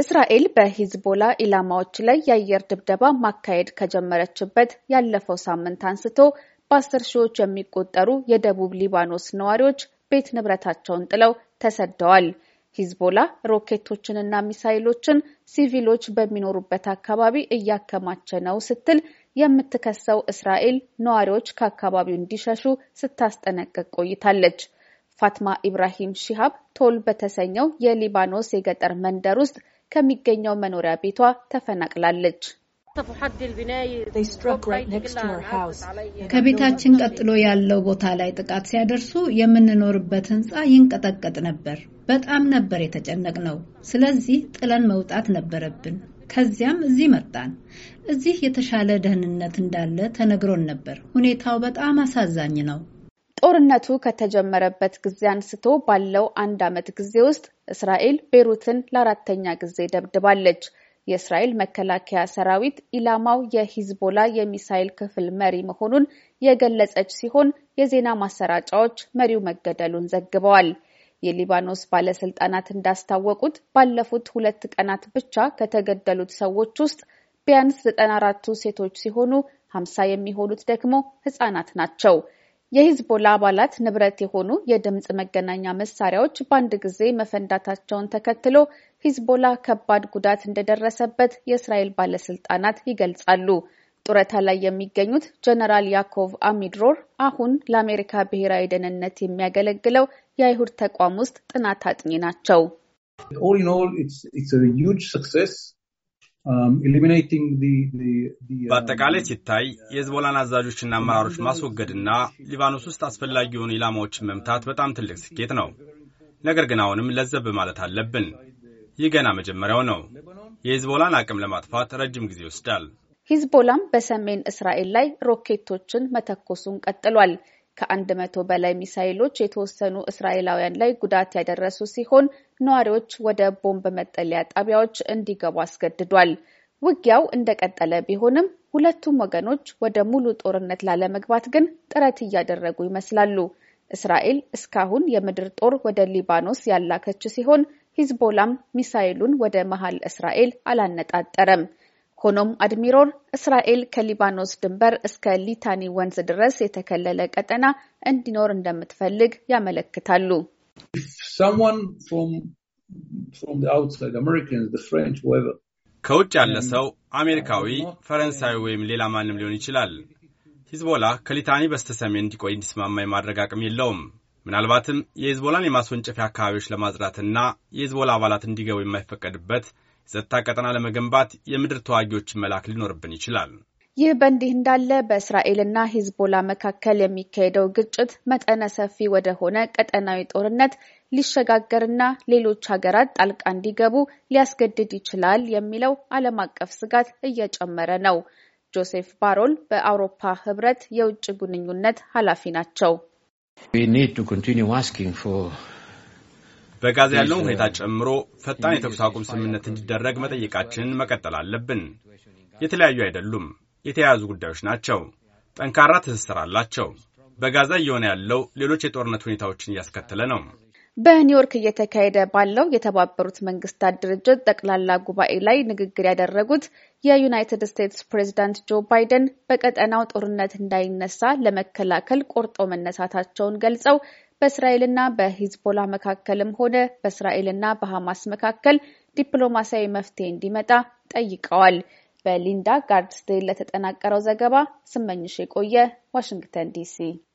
እስራኤል በሂዝቦላ ኢላማዎች ላይ የአየር ድብደባ ማካሄድ ከጀመረችበት ያለፈው ሳምንት አንስቶ በአስር ሺዎች የሚቆጠሩ የደቡብ ሊባኖስ ነዋሪዎች ቤት ንብረታቸውን ጥለው ተሰደዋል። ሂዝቦላ ሮኬቶችንና ሚሳይሎችን ሲቪሎች በሚኖሩበት አካባቢ እያከማቸ ነው ስትል የምትከሰው እስራኤል ነዋሪዎች ከአካባቢው እንዲሸሹ ስታስጠነቅቅ ቆይታለች። ፋትማ ኢብራሂም ሺሃብ ቶል በተሰኘው የሊባኖስ የገጠር መንደር ውስጥ ከሚገኘው መኖሪያ ቤቷ ተፈናቅላለች። ከቤታችን ቀጥሎ ያለው ቦታ ላይ ጥቃት ሲያደርሱ የምንኖርበት ሕንፃ ይንቀጠቀጥ ነበር። በጣም ነበር የተጨነቅ ነው። ስለዚህ ጥለን መውጣት ነበረብን። ከዚያም እዚህ መጣን። እዚህ የተሻለ ደህንነት እንዳለ ተነግሮን ነበር። ሁኔታው በጣም አሳዛኝ ነው። ጦርነቱ ከተጀመረበት ጊዜ አንስቶ ባለው አንድ ዓመት ጊዜ ውስጥ እስራኤል ቤሩትን ለአራተኛ ጊዜ ደብድባለች። የእስራኤል መከላከያ ሰራዊት ኢላማው የሂዝቦላ የሚሳይል ክፍል መሪ መሆኑን የገለጸች ሲሆን የዜና ማሰራጫዎች መሪው መገደሉን ዘግበዋል። የሊባኖስ ባለስልጣናት እንዳስታወቁት ባለፉት ሁለት ቀናት ብቻ ከተገደሉት ሰዎች ውስጥ ቢያንስ 94ቱ ሴቶች ሲሆኑ 50 የሚሆኑት ደግሞ ህጻናት ናቸው። የሂዝቦላ አባላት ንብረት የሆኑ የድምፅ መገናኛ መሳሪያዎች በአንድ ጊዜ መፈንዳታቸውን ተከትሎ ሂዝቦላ ከባድ ጉዳት እንደደረሰበት የእስራኤል ባለስልጣናት ይገልጻሉ። ጡረታ ላይ የሚገኙት ጀነራል ያኮቭ አሚድሮር አሁን ለአሜሪካ ብሔራዊ ደህንነት የሚያገለግለው የአይሁድ ተቋም ውስጥ ጥናት አጥኚ ናቸው። Um, uh, በአጠቃላይ ሲታይ የህዝቦላን አዛዦችና አመራሮች ማስወገድና ሊባኖስ ውስጥ አስፈላጊ የሆኑ ኢላማዎችን መምታት በጣም ትልቅ ስኬት ነው። ነገር ግን አሁንም ለዘብ ማለት አለብን። ይህ ገና መጀመሪያው ነው። የህዝቦላን አቅም ለማጥፋት ረጅም ጊዜ ይወስዳል። ሂዝቦላም በሰሜን እስራኤል ላይ ሮኬቶችን መተኮሱን ቀጥሏል። ከአንድ መቶ በላይ ሚሳይሎች የተወሰኑ እስራኤላውያን ላይ ጉዳት ያደረሱ ሲሆን ነዋሪዎች ወደ ቦምብ መጠለያ ጣቢያዎች እንዲገቡ አስገድዷል። ውጊያው እንደቀጠለ ቢሆንም ሁለቱም ወገኖች ወደ ሙሉ ጦርነት ላለመግባት ግን ጥረት እያደረጉ ይመስላሉ። እስራኤል እስካሁን የምድር ጦር ወደ ሊባኖስ ያላከች ሲሆን ሂዝቦላም ሚሳይሉን ወደ መሀል እስራኤል አላነጣጠረም። ሆኖም አድሚሮል እስራኤል ከሊባኖስ ድንበር እስከ ሊታኒ ወንዝ ድረስ የተከለለ ቀጠና እንዲኖር እንደምትፈልግ ያመለክታሉ። ከውጭ ያለ ሰው አሜሪካዊ፣ ፈረንሳዊ ወይም ሌላ ማንም ሊሆን ይችላል። ሂዝቦላ ከሊታኒ በስተሰሜን እንዲቆይ እንዲስማማ የማድረግ አቅም የለውም። ምናልባትም የሂዝቦላን የማስወንጨፊያ አካባቢዎች ለማጽዳትና የሂዝቦላ አባላት እንዲገቡ የማይፈቀድበት የጸጥታ ቀጠና ለመገንባት የምድር ተዋጊዎችን መላክ ሊኖርብን ይችላል። ይህ በእንዲህ እንዳለ በእስራኤልና ሂዝቦላ መካከል የሚካሄደው ግጭት መጠነ ሰፊ ወደ ሆነ ቀጠናዊ ጦርነት ሊሸጋገርና ሌሎች ሀገራት ጣልቃ እንዲገቡ ሊያስገድድ ይችላል የሚለው ዓለም አቀፍ ስጋት እየጨመረ ነው። ጆሴፍ ባሮል በአውሮፓ ህብረት የውጭ ግንኙነት ኃላፊ ናቸው። በጋዛ ያለውን uh, ሁኔታ ጨምሮ ፈጣን የተኩስ uh, አቁም ስምምነት uh, እንዲደረግ መጠየቃችንን መቀጠል አለብን። የተለያዩ አይደሉም፣ የተያያዙ ጉዳዮች ናቸው። ጠንካራ ትስስር አላቸው። በጋዛ እየሆነ ያለው ሌሎች የጦርነት ሁኔታዎችን እያስከተለ ነው። በኒውዮርክ እየተካሄደ ባለው የተባበሩት መንግስታት ድርጅት ጠቅላላ ጉባኤ ላይ ንግግር ያደረጉት የዩናይትድ ስቴትስ ፕሬዚዳንት ጆ ባይደን በቀጠናው ጦርነት እንዳይነሳ ለመከላከል ቆርጦ መነሳታቸውን ገልጸው በእስራኤልና በሂዝቦላ መካከልም ሆነ በእስራኤልና በሐማስ መካከል ዲፕሎማሲያዊ መፍትሄ እንዲመጣ ጠይቀዋል። በሊንዳ ጋርድስዴል ለተጠናቀረው ዘገባ ስመኝሽ የቆየ ዋሽንግተን ዲሲ